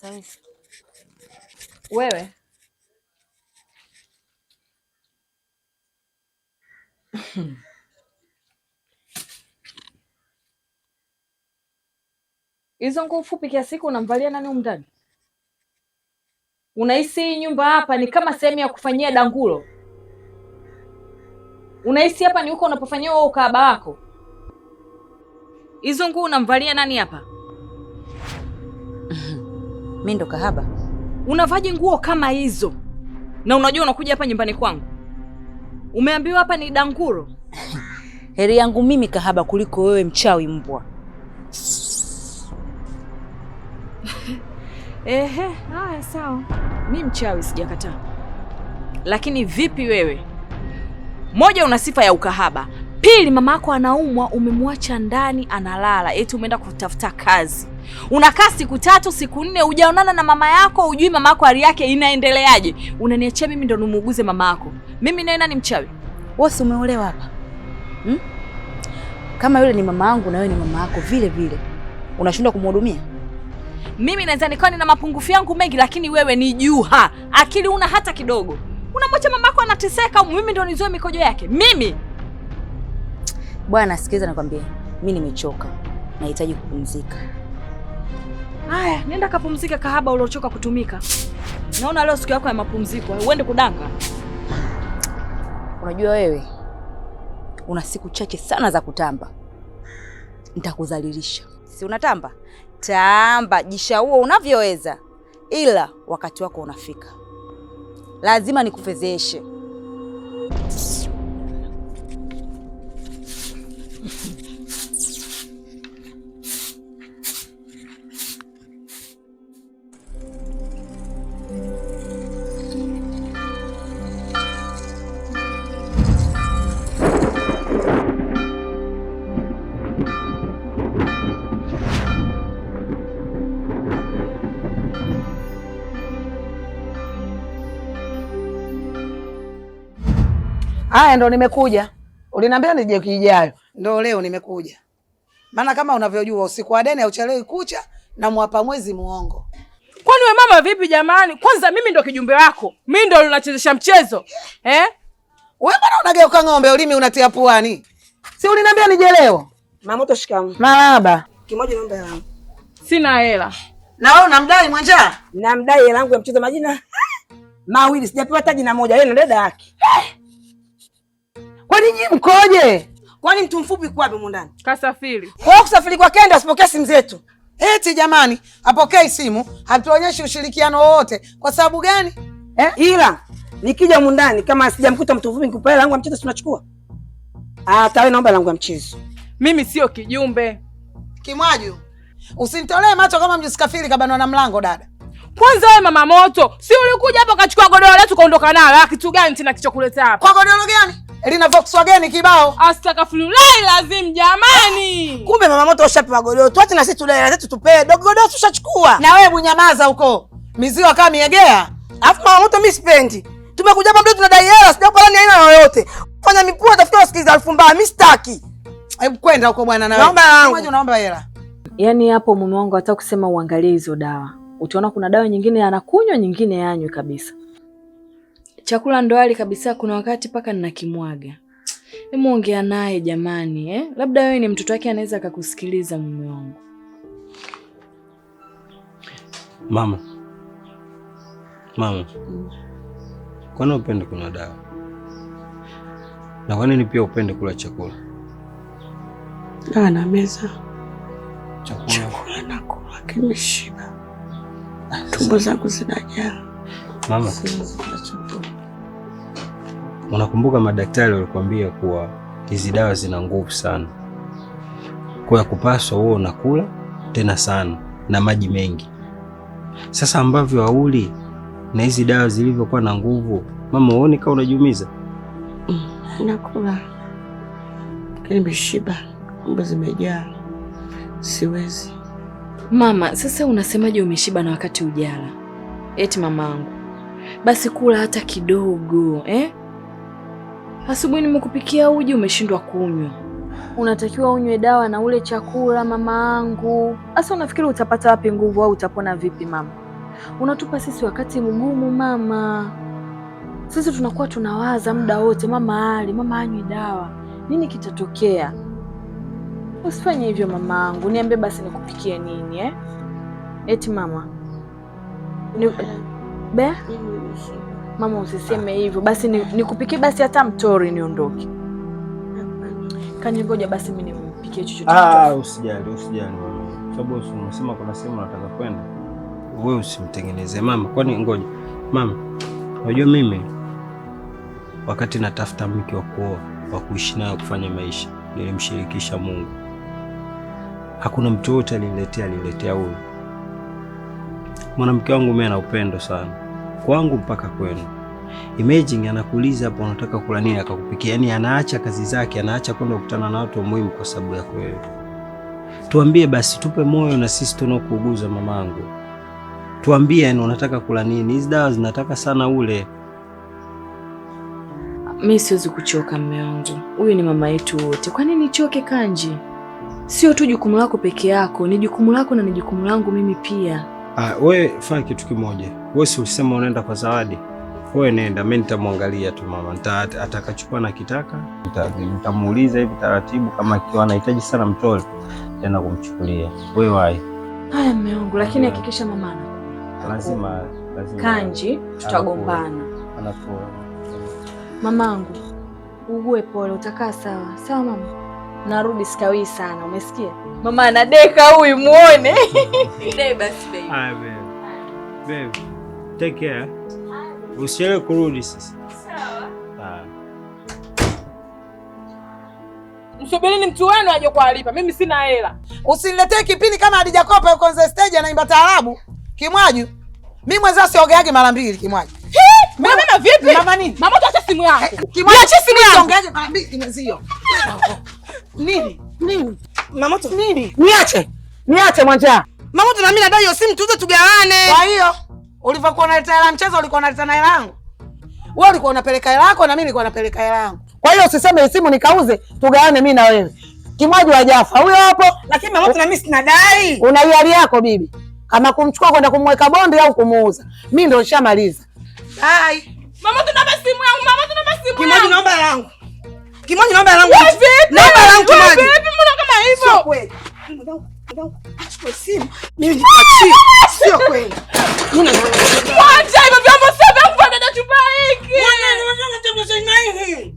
sasa hivi hizo nguo fupi kiasi hiki unamvalia nani umndani Unahisi hii nyumba hapa ni kama sehemu ya kufanyia dangulo? Unahisi hapa ni huko unapofanyia wewe ukahaba wako? Hizo nguo unamvalia nani hapa? Mimi ndo kahaba? Unavaje nguo kama hizo? Na unajua unakuja hapa nyumbani kwangu, umeambiwa hapa ni danguro. Heri yangu mimi kahaba kuliko wewe mchawi mbwa. Ehe, haya sawa, mi mchawi sijakataa, lakini vipi wewe? Moja, una sifa ya ukahaba, Pili, mama yako anaumwa, umemwacha ndani analala, eti umeenda kutafuta kazi. Unakaa siku tatu siku nne, hujaonana na mama yako, hujui mama yako hali yake inaendeleaje. Unaniachia mimi ndo nimuuguze mama yako? Mimi naenda nani mchawi? Wewe umeolewa hapa hmm? Kama yule ni mama yangu na wewe ni mama yako vile vile, unashindwa kumhudumia? Mimi naweza nikawa nina mapungufu yangu mengi, lakini wewe ni juha, akili una hata kidogo. Unamwacha mama yako anateseka, mimi ndo nizoe mikojo yake mimi Bwana, sikiliza nakwambia, mi nimechoka, nahitaji kupumzika. Haya, nenda kapumzika kahaba uliochoka kutumika. Naona leo siku yako ya mapumziko, uende kudanga. Unajua wewe una siku chache sana za kutamba, nitakudhalilisha. Si unatamba tamba, huo unavyoweza, ila wakati wako unafika, lazima nikufezeeshe. Haya, ndo nimekuja. Uliniambia nije kijayo, ndo leo nimekuja. Maana kama unavyojua usiku wa deni hauchelewi kucha, na mwapa mwezi muongo. Kwani we mama vipi jamani? Kwanza mimi ndo kijumbe wako, mimi ndo unachezesha mchezo eh? Wewe bwana unageuka ng'ombe, ulimi unatia puani. Si uliniambia nije leo? Mamoto, shikamoo. Maraba. Kimoja, naomba yangu. Sina hela. Na wewe unamdai mwanja? Namdai hela yangu ya mchezo majina mawili, sijapewa taji na moja, yeye ndo dada yake. Eh! Kwani nyinyi mkoje? Kwani mtu mfupi kwa bimu ndani? Kasafiri. Kwa hiyo kusafiri kwa kenda asipokee simu zetu. Eti jamani, apokee simu, hatuonyeshi ushirikiano wowote. Kwa sababu gani? Eh? Ila nikija mundani kama sijamkuta mtu mfupi nikupa langu ya mchezo tunachukua. Ah, tawe naomba langu ya mchezo. Mimi sio kijumbe. Kimwaju. Usinitolee macho kama mjusikafiri kabanwa na mlango dada. Kwanza wewe mama moto, si ulikuja hapa ukachukua godoro letu kaondoka nalo. Ah, kitu gani tena kichokuleta hapa? Kwa godoro gani? Elina eh, Volkswagen kibao. Astakafulai lazim jamani. Kumbe mama moto ushapi magodoro. Tuache na sisi tudai zetu tupewe. Dogodoro tushachukua. Na wewe bunyamaza huko. Mizio akawa miegea. Alafu mama moto mimi sipendi. Tumekuja hapa mdomo tunadai hela, sijapata nani aina yoyote. Fanya mipua tafuta wasikiliza elfu mbaya, mimi sitaki. Hebu kwenda huko bwana na wewe. Naomba wangu. yangu. Naomba hela. Yaani hapo mume wangu hata kusema uangalie hizo dawa. Utaona kuna dawa nyingine anakunywa nyingine yanywe kabisa chakula ndo hali kabisa, kuna wakati mpaka ninakimwaga. Hebu ongea naye jamani eh? Labda wewe ni mtoto wake anaweza akakusikiliza. Mume wangu mama, mama mm. Kwa nini upende kunywa dawa na kwa nini pia upende kula chakula? na meza chakula, chakula kula kimeshiba, tumbo zangu zinajaa mama. Unakumbuka madaktari walikwambia kuwa hizi dawa zina nguvu sana, kwa ya kupaswa wewe unakula tena sana na maji mengi. Sasa ambavyo hauli na hizi dawa zilivyokuwa na nguvu, mama, uone kama unajiumiza. Mm, nakula nimeshiba, kumbe zimejaa, siwezi. Mama, sasa unasemaje umeshiba na wakati ujala? Eti mamangu, basi kula hata kidogo eh? Asubuhi nimekupikia uji umeshindwa kunywa. Unatakiwa unywe dawa na ule chakula mama angu. Sasa unafikiri utapata wapi nguvu au utapona vipi mama? Unatupa sisi wakati mgumu mama. Sisi tunakuwa tunawaza muda wote, mama ali, mama anywe dawa, nini kitatokea? Usifanye hivyo mama angu, niambie basi nikupikie nini eh? Eti mama ni... be Mama, usiseme hivyo basi, nikupikie ni basi hata mtori niondoke. Kanyangoja basi mimi nimpikie chochote. Ah, ah usijali usijali, sababu unasema kuna sehemu nataka kwenda. Wewe usimtengenezee mama, kwani ngoja mama, unajua mimi wakati natafuta mke wa kuoa wa kuishi naye kufanya maisha nilimshirikisha Mungu. Hakuna mtu yote aliniletea aliniletea huyu mwanamke wangu, mimi ana upendo sana kwangu mpaka kwenu. Imagine anakuuliza hapo anataka kula nini akakupikia. Yaani anaacha kazi zake, anaacha kwenda kukutana na watu muhimu kwa sababu yako wewe. Tuambie basi, tupe moyo na sisi tunaokuuguza mamangu. Tuambie yani unataka kula nini? Hizi dawa zinataka sana ule. Mimi siwezi kuchoka mume wangu. Huyu ni mama yetu wote. Kwa nini choke Kanji? Sio tu jukumu lako peke yako, ni jukumu lako na ni jukumu langu mimi pia. Ah, we fanya kitu kimoja. Wewe si usema unaenda kwa Zawadi. Wewe nenda, mimi nitamwangalia tu mama. Atakachukua na kitaka, nitamuuliza hivi taratibu kama akiwa anahitaji sana mtoto tena kumchukulia. Wewe wahi. Haya mume wangu, lakini hakikisha mama ana Lazima, lazima. Kanji tutagombana. Anafua. Mamangu, ugue pole, utakaa sawa. Sawa mama narudi sikawii sana, umesikia? Mama anadeka huyu, muone. Dai Take care. Usichelewe kurudi sasa. Msubirini mtu wenu aje kwa alipa. Mimi sina hela. Usiniletee kipindi kama alijakopa yuko nze stage anaimba taarabu. Kimwaju. Mimi mwenzao siogeage mara mbili Kimwaju. Mama na vipi? Mama nini? Mama toa simu yako. Kimwaju, Acha simu yangu. Siongeage mara mbili kimwezio. Nini? Nini? Mamoto. Nini? Niache. Niache Mwanja. Mamoto na mimi nadai hiyo simu tuze tugawane. Kwa hiyo ulivyokuwa unaleta hela mchezo ulikuwa unaleta na hela yangu. Wewe ulikuwa unapeleka hela yako na mimi nilikuwa napeleka hela yangu. Kwa hiyo usiseme simu nikauze tugawane mimi na wewe. Kimwaji wa Jafa huyo hapo. Lakini Mamoto na mimi sina dai. Una hiari yako bibi. Kama kumchukua kwenda kumweka bondi au kumuuza. Mimi ndio nishamaliza. Hai. Mamoto naomba simu yangu. Mamoto naomba simu yangu. Kimwaji naomba yangu. Kimoni, naomba langu. Naomba langu maji. Vipi mbona kama hivyo? Sio kweli. Achukue simu. Mimi ni kachi. Sio kweli. Mimi acha hivyo vyombo sasa vya kufanya na chupa hiki. Mwana, unaona tatizo hili.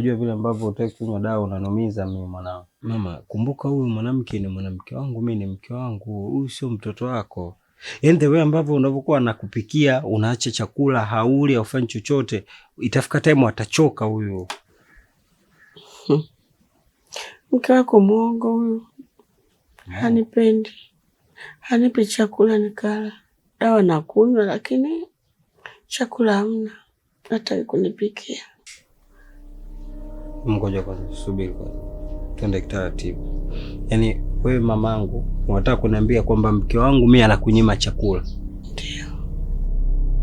unajua vile ambavyo utaki kunywa dawa unanumiza mimi mwanao. Mama, kumbuka huyu mwanamke ni mwanamke wangu, mimi ni mke wangu, huyu sio mtoto wako. Yaani the way ambavyo unavyokuwa nakupikia, unaacha chakula, hauli, haufanyi chochote, itafika time atachoka huyu. Mke wako mwongo huyu. Eh. Hanipendi. Hanipi chakula nikala. Dawa nakunywa lakini chakula hamna. Hataki kunipikia. Mgoja kwanza, subiri kwanza, twende kitaratibu. Yaani wewe mamangu unataka kuniambia kwamba mke wangu mimi anakunyima chakula? Ndio.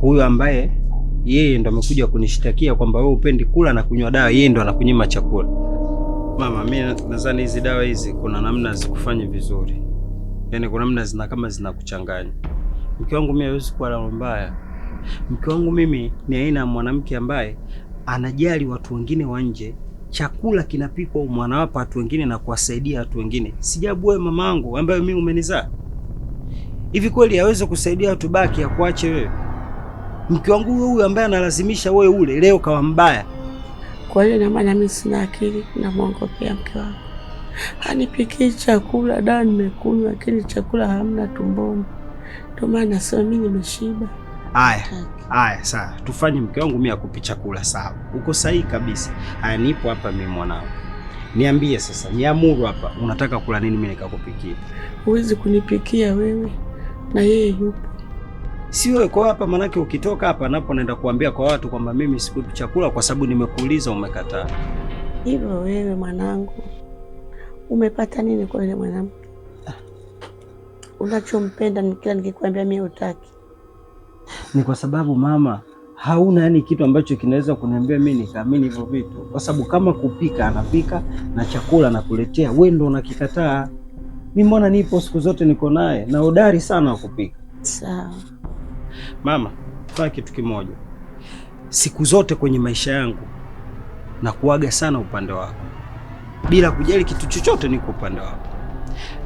Huyu ambaye yeye ndo amekuja kunishtakia kwamba wewe upendi kula na kunywa dawa, yeye ndo anakunyima chakula. Mama, mimi nadhani hizi dawa hizi kuna namna zikufanye vizuri, yaani kuna namna zina kama zinakuchanganya. Mke wangu mimi hawezi kuwa na mbaya. Mke wangu mimi ni aina ya mwanamke ambaye anajali watu wengine wa nje chakula kinapikwa umwanawapa watu wengine na kuwasaidia watu wengine. Sijabu wewe mamangu ambayo mimi umenizaa, hivi kweli aweze kusaidia watu baki ya kuache wewe? Mke wangu huyo huyo ambaye analazimisha wewe ule, leo kawa mbaya. Kwa hiyo na maana mimi sina akili, pia mke wangu hanipikii chakula, dawa nimekunywa, lakini chakula hamna tumboni, ndio maana sio mimi nimeshiba. Haya, haya sawa, tufanye mke wangu mimi akupi chakula sawa. Uko sahihi kabisa. Haya, nipo hapa mimi mwanangu. Niambie sasa, niamuru hapa, unataka kula nini mimi nikakupikia? Huwezi kunipikia wewe na yeye yupo. Si wewe kwa hapa, manake ukitoka hapa napo naenda kuambia kwa watu kwamba mimi sikupi chakula kwa sababu nimekuuliza umekataa. Hivyo wewe mwanangu, umepata nini kwa yule mwanamke? Ah. Unachompenda kila nikikwambia mimi utaki ni kwa sababu mama hauna yani kitu ambacho kinaweza kuniambia mimi nikaamini hivyo vitu, kwa sababu kama kupika anapika na chakula anakuletea wewe, ndo unakikataa. Mimi mbona nipo siku zote, niko naye na hodari sana wa kupika. Sawa mama, faa kitu kimoja siku zote kwenye maisha yangu na kuaga sana upande wako, bila kujali kitu chochote, niko upande wako.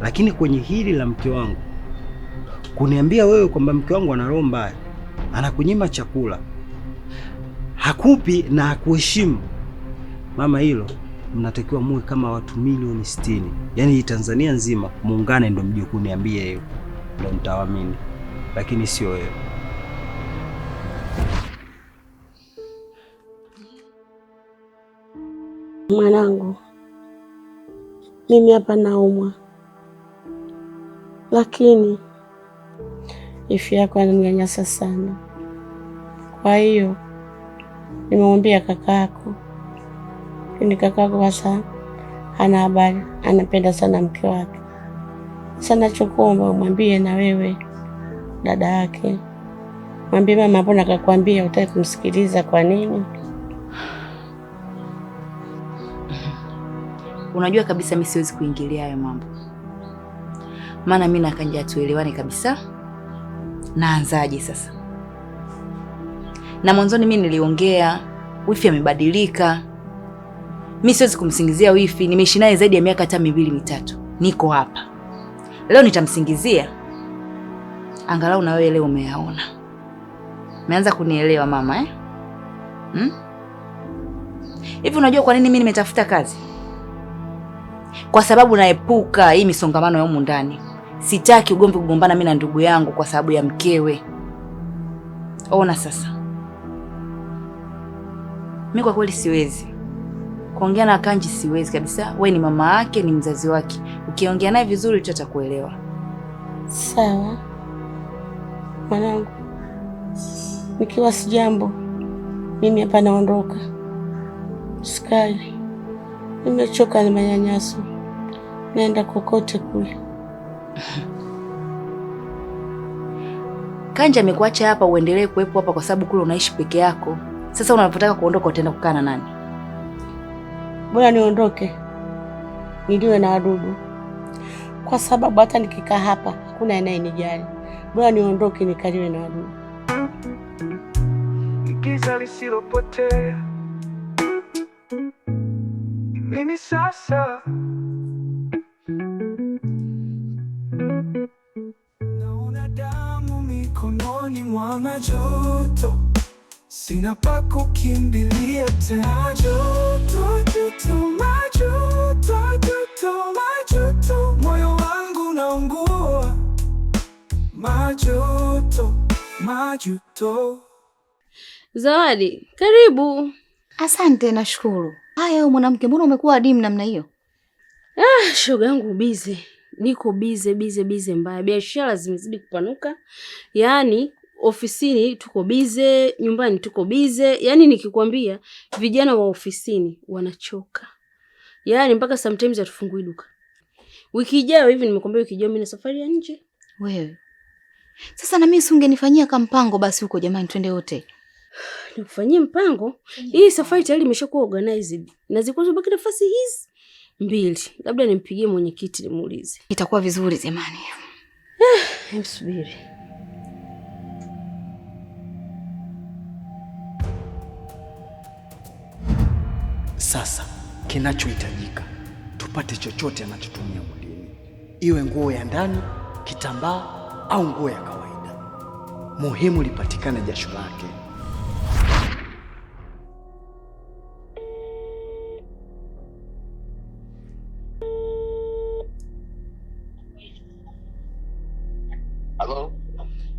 Lakini kwenye hili la mke wangu, kuniambia wewe kwamba mke wangu ana roho mbaya anakunyima chakula, hakupi na hakuheshimu mama, hilo mnatakiwa muwe kama watu milioni sitini, yaani hii Tanzania nzima muungane, ndo mje kuniambia hiyo, ndo mtawamini, lakini sio wewe. Mwanangu, mimi hapa naumwa, lakini ifi yako ananinyanyasa sana, kwa hiyo nimemwambia kakaako Ni kakaako hasa ana habari, anapenda sana mke wake. Sasa nachokuomba umwambie na wewe dada yake, mwambie mama hapo, nakakwambia utaki kumsikiliza. Kwa nini? Unajua kabisa mi siwezi kuingilia hayo mambo, maana mi na Kanja tuelewane kabisa naanzaje sasa? Na mwanzoni mi niliongea wifi amebadilika, mi siwezi kumsingizia wifi, nimeishi naye zaidi ya miaka hata miwili mitatu, niko hapa leo, nitamsingizia? Angalau na wewe leo umeyaona. Umeanza kunielewa mama eh? Hmm? Hivi unajua kwa nini mi nimetafuta kazi? Kwa sababu naepuka hii misongamano ya humu ndani Sitaki ugomvi kugombana mimi na ndugu yangu kwa sababu ya mkewe. Ona sasa, mimi kwa kweli siwezi kuongea na Kanji, siwezi kabisa. We ni mama yake, ni mzazi wake, ukiongea naye vizuri tu atakuelewa. Sawa mwanangu, nikiwa si jambo mimi hapa naondoka. Sky, nimechoka na manyanyaso, naenda kokote kule. Kanja amekuacha hapa uendelee kuwepo hapa kwa sababu kule unaishi peke yako. Sasa unapotaka kuondoka utaenda kukaa na nani? Bora niondoke niliwe na wadudu, kwa sababu hata nikikaa hapa hakuna anayenijali. Bora niondoke nikaliwe na wadudu. Giza lisilopotea mimi sasa moyoni mwana joto, sina pa kukimbilia tena. Joto, joto, majoto, joto, majoto, moyo wangu unaungua, majoto, majuto. Zawadi, karibu. Asante, nashukuru. Haya, mwanamke, mbona umekuwa adimu namna hiyo? Ah, shoga yangu bize, niko bize bize bize mbaya, biashara zimezidi kupanuka, yaani ofisini tuko bize, nyumbani tuko bize. Yani nikikwambia vijana wa ofisini wanachoka, yani mpaka sometimes hatufungui duka. Wiki ijayo hivi, nimekwambia wiki ijayo mimi na safari ya nje. Wewe sasa na mimi si ungenifanyia kama mpango basi huko, jamani, twende wote nikufanyie mpango. Hii safari tayari imeshakuwa organized na ziko zikuzobaki nafasi hizi mbili, labda nimpigie mwenyekiti nimuulize, itakuwa vizuri jamani. Eh, msubiri Sasa kinachohitajika tupate chochote anachotumia mwilini, iwe nguo ya ndani, kitambaa au nguo ya kawaida. Muhimu lipatikane jasho lake.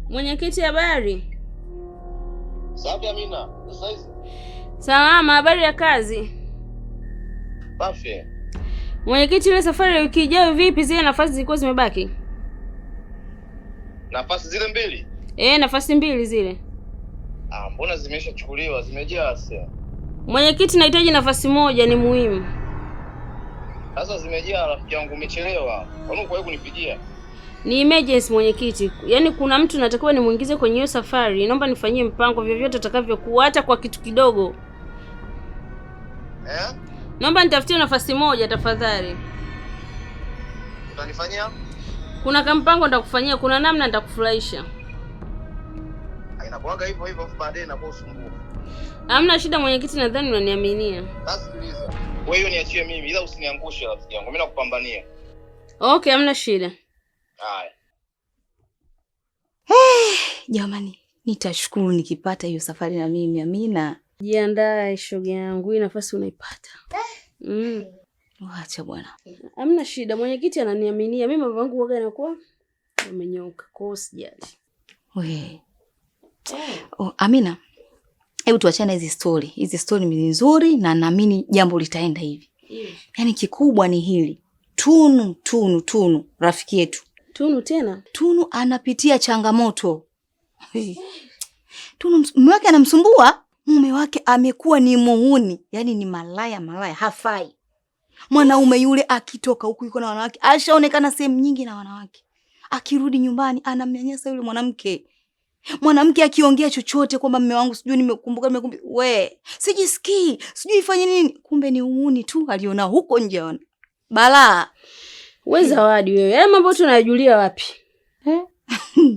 mwenyekiti, habari? Salama, habari ya kazi? Safi. Mwenyekiti, ile safari ya wiki ijayo vipi? Zile nafasi zilikuwa zimebaki? Nafasi zile mbili? Eh, nafasi mbili zile. Ah, mbona zimeshachukuliwa, zimejaa sasa. Mwenyekiti, nahitaji nafasi moja, ni muhimu. Sasa zimejaa rafiki yangu, umechelewa. Kwa nini kwa kunipigia? Ni emergency mwenyekiti, yaani kuna mtu natakiwa nimwingize kwenye hiyo safari. Naomba nifanyie mpango vyovyote atakavyokuwa, hata kwa kitu kidogo eh? Naomba nitafutie nafasi moja tafadhali. Utanifanyia? Kuna kampango nitakufanyia, kuna namna nitakufurahisha. Inakuwaga hivyo hivyo, baadaye inakuwa usumbufu. Hamna shida mwenyekiti, nadhani unaniaminia. Sikiliza. Wewe hiyo niachie mimi, ila usiniangushe rafiki yangu. Mimi nakupambania. Okay, hamna shida. Haya. Hey, jamani, nitashukuru nikipata hiyo safari na mimi Amina. Jiandae shoga yangu, hii nafasi unaipata. Mm. Wacha bwana, hamna shida. Mwenyekiti ananiaminia mimi, mambo yangu waga yanakuwa amenyooka, kwa hiyo sijali. We oh, Amina, hebu tuachane hizi stori. Hizi stori ni nzuri na naamini jambo litaenda hivi mm. Yaani kikubwa ni hili Tunu, Tunu, Tunu rafiki yetu Tunu tena, Tunu anapitia changamoto Tunu mume wake anamsumbua mume wake amekuwa ni muhuni, yani ni malaya, malaya hafai. Mwanaume yule akitoka huku yuko na wanawake, ashaonekana sehemu nyingi na wanawake, akirudi nyumbani anamnyanyasa yule mwanamke. Mwanamke akiongea chochote kwamba mme wangu sijui nimekumbuka, nimekumbuka, we sijisikii, sijui ifanye nini, kumbe ni uhuni tu aliona huko nje. Ona balaa we, Zawadi wewe, haya mambo tunayajulia wapi eh?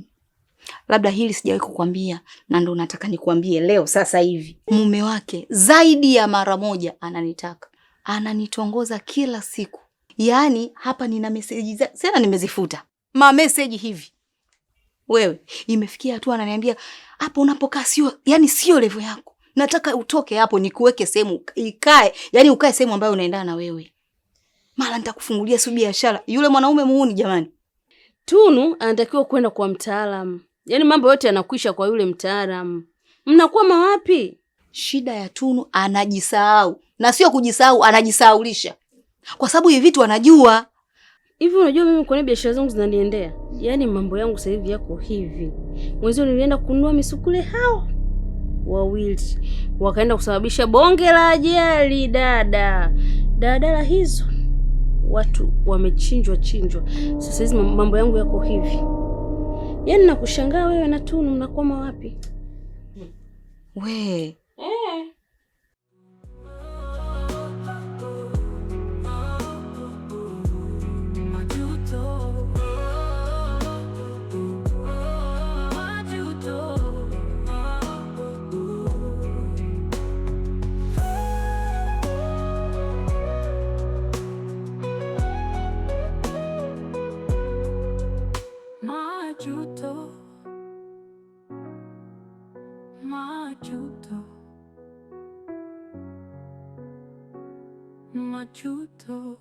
labda hili sijawahi kukwambia na ndo nataka nikwambie leo sasa hivi. Mume wake zaidi ya mara moja ananitaka, ananitongoza kila siku. Yaani hapa nina meseji sana nimezifuta, ma meseji hivi wewe, imefikia hatua ananiambia hapo unapokaa sio, yani sio levo yako, nataka utoke hapo, nikuweke sehemu ikae, yani ukae sehemu ambayo unaendana na wewe, mara nitakufungulia su biashara. Yule mwanaume muuni, jamani. Tunu anatakiwa kwenda kwa mtaalamu Yaani mambo yote yanakwisha kwa yule mtaalamu. Mnakuwa mawapi? Shida ya Tunu anajisahau, na sio kujisahau, anajisahaulisha kwa sababu hivi vitu anajua. Hivi unajua mimi kwa nini biashara zangu zinaniendea? Yaani mambo yangu sasa hivi yako hivi. Mwenzio nilienda kununua misukule hao wawili wakaenda kusababisha bonge la ajali dada dadala hizo, watu wamechinjwa chinjwa. Sasa hizi mambo yangu yako hivi. Yaani nakushangaa wewe na Tunu mnakwama wapi? We 宇宙。